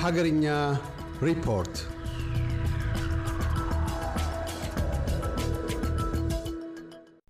Hagarinya Report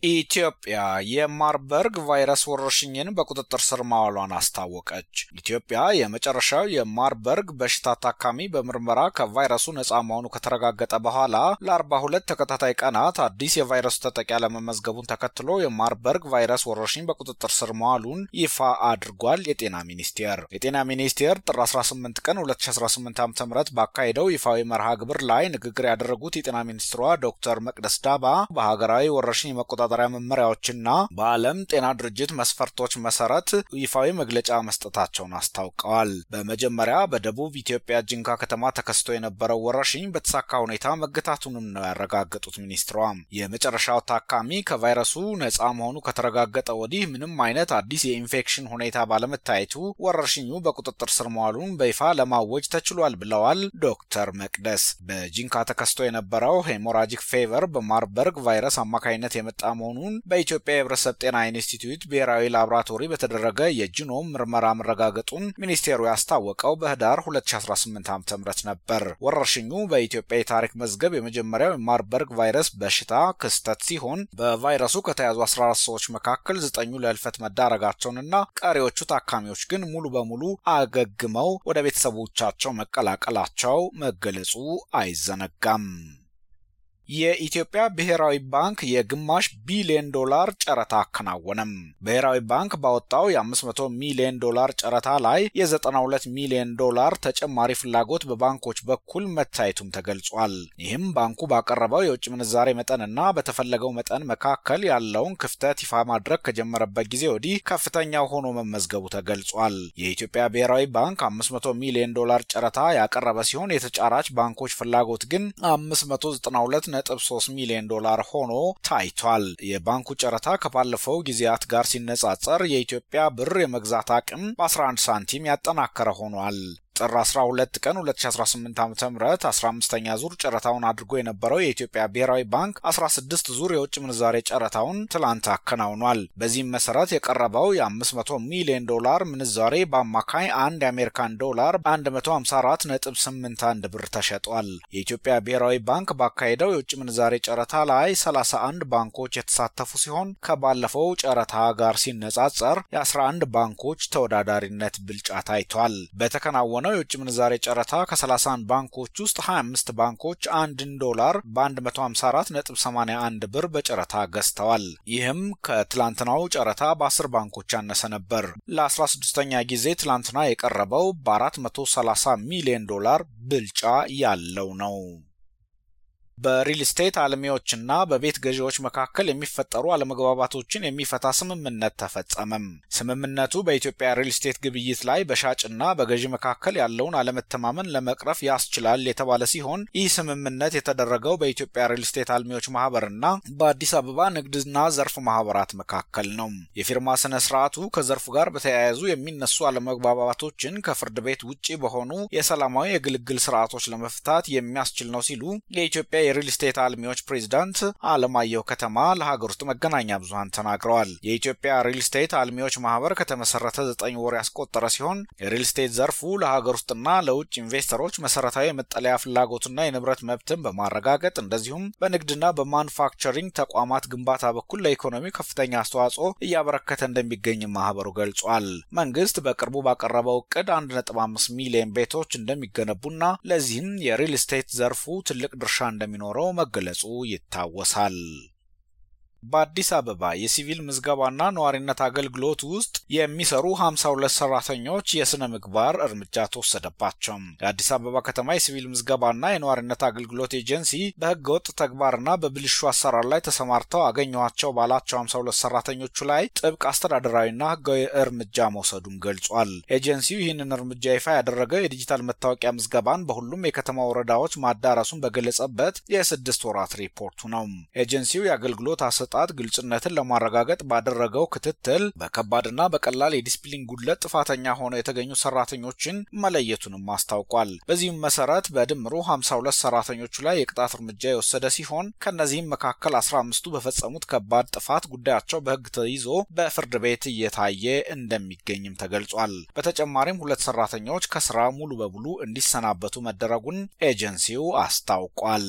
ኢትዮጵያ የማርበርግ ቫይረስ ወረርሽኝን በቁጥጥር ስር ማዋሏን አስታወቀች። ኢትዮጵያ የመጨረሻው የማርበርግ በሽታ ታካሚ በምርመራ ከቫይረሱ ነፃ መሆኑ ከተረጋገጠ በኋላ ለ ሁለት ተከታታይ ቀናት አዲስ የቫይረሱ ተጠቂ አለመመዝገቡን ተከትሎ የማርበርግ ቫይረስ ወረርሽኝ በቁጥጥር ስር መዋሉን ይፋ አድርጓል። የጤና ሚኒስቴር የጤና ሚኒስቴር ጥር 18 ቀን 2018 ዓ ም ባካሄደው ይፋዊ መርሃ ግብር ላይ ንግግር ያደረጉት የጤና ሚኒስትሯ ዶክተር መቅደስ ዳባ በሀገራዊ ወረርሽኝ መቆጣጠ መተግበሪያ መመሪያዎችና በዓለም ጤና ድርጅት መስፈርቶች መሰረት ይፋዊ መግለጫ መስጠታቸውን አስታውቀዋል። በመጀመሪያ በደቡብ ኢትዮጵያ ጂንካ ከተማ ተከስቶ የነበረው ወረርሽኝ በተሳካ ሁኔታ መገታቱንም ነው ያረጋገጡት ሚኒስትሯ። የመጨረሻው ታካሚ ከቫይረሱ ነጻ መሆኑ ከተረጋገጠ ወዲህ ምንም አይነት አዲስ የኢንፌክሽን ሁኔታ ባለመታየቱ ወረርሽኙ በቁጥጥር ስር መዋሉን በይፋ ለማወጅ ተችሏል ብለዋል ዶክተር መቅደስ። በጂንካ ተከስቶ የነበረው ሄሞራጂክ ፌቨር በማርበርግ ቫይረስ አማካኝነት የመጣ መሆኑን በኢትዮጵያ የህብረተሰብ ጤና ኢንስቲትዩት ብሔራዊ ላቦራቶሪ በተደረገ የጂኖም ምርመራ መረጋገጡን ሚኒስቴሩ ያስታወቀው በህዳር 2018 ዓ ም ነበር። ወረርሽኙ በኢትዮጵያ የታሪክ መዝገብ የመጀመሪያው የማርበርግ ቫይረስ በሽታ ክስተት ሲሆን በቫይረሱ ከተያዙ 14 ሰዎች መካከል ዘጠኙ ለህልፈት መዳረጋቸውንና ቀሪዎቹ ታካሚዎች ግን ሙሉ በሙሉ አገግመው ወደ ቤተሰቦቻቸው መቀላቀላቸው መገለጹ አይዘነጋም። የኢትዮጵያ ብሔራዊ ባንክ የግማሽ ቢሊዮን ዶላር ጨረታ አከናወነም። ብሔራዊ ባንክ ባወጣው የ500 ሚሊዮን ዶላር ጨረታ ላይ የ92 ሚሊዮን ዶላር ተጨማሪ ፍላጎት በባንኮች በኩል መታየቱም ተገልጿል። ይህም ባንኩ ባቀረበው የውጭ ምንዛሬ መጠንና በተፈለገው መጠን መካከል ያለውን ክፍተት ይፋ ማድረግ ከጀመረበት ጊዜ ወዲህ ከፍተኛ ሆኖ መመዝገቡ ተገልጿል። የኢትዮጵያ ብሔራዊ ባንክ 500 ሚሊዮን ዶላር ጨረታ ያቀረበ ሲሆን የተጫራች ባንኮች ፍላጎት ግን 592 ነጥብ 3 ሚሊዮን ዶላር ሆኖ ታይቷል። የባንኩ ጨረታ ከባለፈው ጊዜያት ጋር ሲነጻጸር የኢትዮጵያ ብር የመግዛት አቅም በ11 ሳንቲም ያጠናከረ ሆኗል። ጥር 12 ቀን 2018 ዓ ም 15ኛ ዙር ጨረታውን አድርጎ የነበረው የኢትዮጵያ ብሔራዊ ባንክ 16 ዙር የውጭ ምንዛሬ ጨረታውን ትላንት አከናውኗል። በዚህም መሰረት የቀረበው የ500 ሚሊዮን ዶላር ምንዛሬ በአማካይ አንድ የአሜሪካን ዶላር 154.81 ብር ተሸጧል። የኢትዮጵያ ብሔራዊ ባንክ ባካሄደው የውጭ ምንዛሬ ጨረታ ላይ 31 ባንኮች የተሳተፉ ሲሆን ከባለፈው ጨረታ ጋር ሲነጻጸር የ11 ባንኮች ተወዳዳሪነት ብልጫ ታይቷል። በተከናወነ በሆነው የውጭ ምንዛሬ ጨረታ ከ31 ባንኮች ውስጥ 25 ባንኮች አንድን ዶላር በ154.81 ብር በጨረታ ገዝተዋል። ይህም ከትላንትናው ጨረታ በ10 ባንኮች ያነሰ ነበር። ለ16ኛ ጊዜ ትላንትና የቀረበው በ430 ሚሊዮን ዶላር ብልጫ ያለው ነው። በሪል ስቴት አልሚዎችና በቤት ገዢዎች መካከል የሚፈጠሩ አለመግባባቶችን የሚፈታ ስምምነት ተፈጸመም። ስምምነቱ በኢትዮጵያ ሪል ስቴት ግብይት ላይ በሻጭና በገዢ መካከል ያለውን አለመተማመን ለመቅረፍ ያስችላል የተባለ ሲሆን ይህ ስምምነት የተደረገው በኢትዮጵያ ሪል ስቴት አልሚዎች ማህበርና በአዲስ አበባ ንግድና ዘርፍ ማህበራት መካከል ነው። የፊርማ ስነ ስርዓቱ ከዘርፉ ጋር በተያያዙ የሚነሱ አለመግባባቶችን ከፍርድ ቤት ውጪ በሆኑ የሰላማዊ የግልግል ስርዓቶች ለመፍታት የሚያስችል ነው ሲሉ የኢትዮጵያ የሪል ስቴት አልሚዎች ፕሬዚዳንት አለማየሁ ከተማ ለሀገር ውስጥ መገናኛ ብዙሀን ተናግረዋል። የኢትዮጵያ ሪል ስቴት አልሚዎች ማህበር ከተመሰረተ ዘጠኝ ወር ያስቆጠረ ሲሆን የሪል ስቴት ዘርፉ ለሀገር ውስጥና ለውጭ ኢንቨስተሮች መሰረታዊ የመጠለያ ፍላጎትና የንብረት መብትን በማረጋገጥ እንደዚሁም በንግድና በማኑፋክቸሪንግ ተቋማት ግንባታ በኩል ለኢኮኖሚ ከፍተኛ አስተዋጽኦ እያበረከተ እንደሚገኝ ማህበሩ ገልጿል። መንግስት በቅርቡ ባቀረበው እቅድ 1.5 ሚሊዮን ቤቶች እንደሚገነቡና ለዚህም የሪል ስቴት ዘርፉ ትልቅ ድርሻ እንደሚ እንደሚኖረው መገለጹ ይታወሳል። በአዲስ አበባ የሲቪል ምዝገባና ነዋሪነት አገልግሎት ውስጥ የሚሰሩ 52 ሰራተኞች የስነ ምግባር እርምጃ ተወሰደባቸው። የአዲስ አበባ ከተማ የሲቪል ምዝገባና የነዋሪነት አገልግሎት ኤጀንሲ በህገ ወጥ ተግባርና በብልሹ አሰራር ላይ ተሰማርተው አገኘኋቸው ባላቸው 52 ሰራተኞቹ ላይ ጥብቅ አስተዳደራዊና ህጋዊ እርምጃ መውሰዱም ገልጿል። ኤጀንሲው ይህንን እርምጃ ይፋ ያደረገው የዲጂታል መታወቂያ ምዝገባን በሁሉም የከተማ ወረዳዎች ማዳረሱን በገለጸበት የስድስት ወራት ሪፖርቱ ነው። ኤጀንሲው የአገልግሎት አሰጣጥ ግልጽነትን ለማረጋገጥ ባደረገው ክትትል በከባድና በቀላል የዲስፕሊን ጉድለት ጥፋተኛ ሆነው የተገኙ ሰራተኞችን መለየቱንም አስታውቋል። በዚህም መሰረት በድምሩ 52 ሰራተኞቹ ላይ የቅጣት እርምጃ የወሰደ ሲሆን ከእነዚህም መካከል 15ቱ በፈጸሙት ከባድ ጥፋት ጉዳያቸው በህግ ተይዞ በፍርድ ቤት እየታየ እንደሚገኝም ተገልጿል። በተጨማሪም ሁለት ሰራተኞች ከስራ ሙሉ በሙሉ እንዲሰናበቱ መደረጉን ኤጀንሲው አስታውቋል።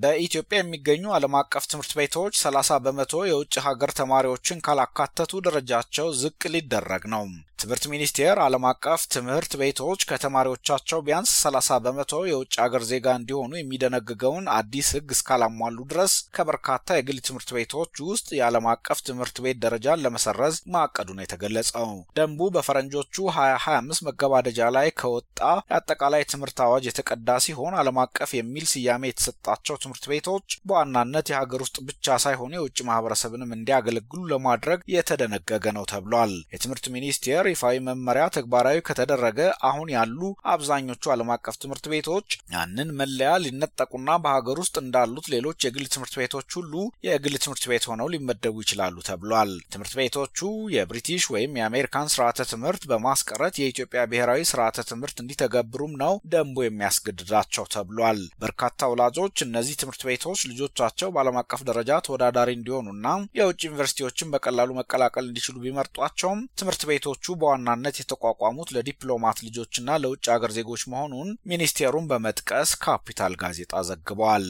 በኢትዮጵያ የሚገኙ ዓለም አቀፍ ትምህርት ቤቶች 30 በመቶ የውጭ ሀገር ተማሪዎችን ካላካተቱ ደረጃቸው ዝቅ ሊደረግ ነው። ትምህርት ሚኒስቴር ዓለም አቀፍ ትምህርት ቤቶች ከተማሪዎቻቸው ቢያንስ 30 በመቶ የውጭ አገር ዜጋ እንዲሆኑ የሚደነግገውን አዲስ ሕግ እስካላሟሉ ድረስ ከበርካታ የግል ትምህርት ቤቶች ውስጥ የዓለም አቀፍ ትምህርት ቤት ደረጃን ለመሰረዝ ማቀዱ ነው የተገለጸው። ደንቡ በፈረንጆቹ 2025 መገባደጃ ላይ ከወጣ የአጠቃላይ ትምህርት አዋጅ የተቀዳ ሲሆን ዓለም አቀፍ የሚል ስያሜ የተሰጣቸው ትምህርት ቤቶች በዋናነት የሀገር ውስጥ ብቻ ሳይሆኑ የውጭ ማህበረሰብንም እንዲያገለግሉ ለማድረግ የተደነገገ ነው ተብሏል። የትምህርት ሚኒስቴር ይፋዊ መመሪያ ተግባራዊ ከተደረገ አሁን ያሉ አብዛኞቹ ዓለም አቀፍ ትምህርት ቤቶች ያንን መለያ ሊነጠቁና በሀገር ውስጥ እንዳሉት ሌሎች የግል ትምህርት ቤቶች ሁሉ የግል ትምህርት ቤት ሆነው ሊመደቡ ይችላሉ ተብሏል። ትምህርት ቤቶቹ የብሪቲሽ ወይም የአሜሪካን ስርዓተ ትምህርት በማስቀረት የኢትዮጵያ ብሔራዊ ስርዓተ ትምህርት እንዲተገብሩም ነው ደንቡ የሚያስገድዳቸው ተብሏል። በርካታ ወላጆች እነዚህ ትምህርት ቤቶች ልጆቻቸው በዓለም አቀፍ ደረጃ ተወዳዳሪ እንዲሆኑና የውጭ ዩኒቨርሲቲዎችን በቀላሉ መቀላቀል እንዲችሉ ቢመርጧቸውም ትምህርት ቤቶቹ በዋናነት የተቋቋሙት ለዲፕሎማት ልጆችና ለውጭ አገር ዜጎች መሆኑን ሚኒስቴሩን በመጥቀስ ካፒታል ጋዜጣ ዘግቧል።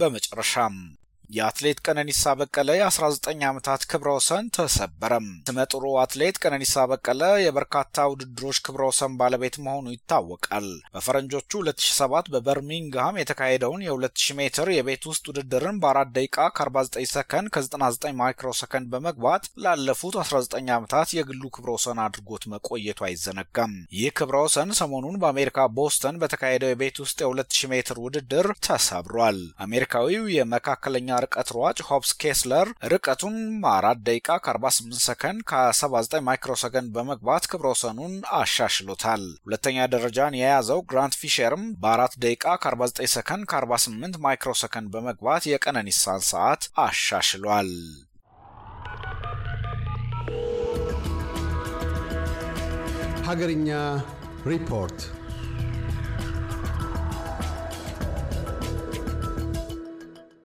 በመጨረሻም የአትሌት ቀነኒሳ በቀለ የ19 ዓመታት ክብረ ወሰን ተሰበረም። ስመጥሩ አትሌት ቀነኒሳ በቀለ የበርካታ ውድድሮች ክብረ ወሰን ባለቤት መሆኑ ይታወቃል። በፈረንጆቹ 2007 በበርሚንግሃም የተካሄደውን የ2000 ሜትር የቤት ውስጥ ውድድርን በ4 ደቂቃ ከ49 ሰከንድ ከ99 ማይክሮ ሰከንድ በመግባት ላለፉት 19 ዓመታት የግሉ ክብረ ወሰን አድርጎት መቆየቱ አይዘነጋም። ይህ ክብረ ወሰን ሰሞኑን በአሜሪካ ቦስተን በተካሄደው የቤት ውስጥ የ2000 ሜትር ውድድር ተሰብሯል። አሜሪካዊው የመካከለኛ ርቀት ሯጭ ሆብስ ኬስለር ርቀቱን አራት ደቂቃ ከ48 ሰከንድ ከ79 ማይክሮ ሰከንድ በመግባት ክብረ ወሰኑን አሻሽሎታል። ሁለተኛ ደረጃን የያዘው ግራንት ፊሸርም በአራት ደቂቃ ከ49 ሰከንድ ከ48 ማይክሮ ሰከንድ በመግባት የቀነኒሳን ሰዓት አሻሽሏል። ሀገርኛ ሪፖርት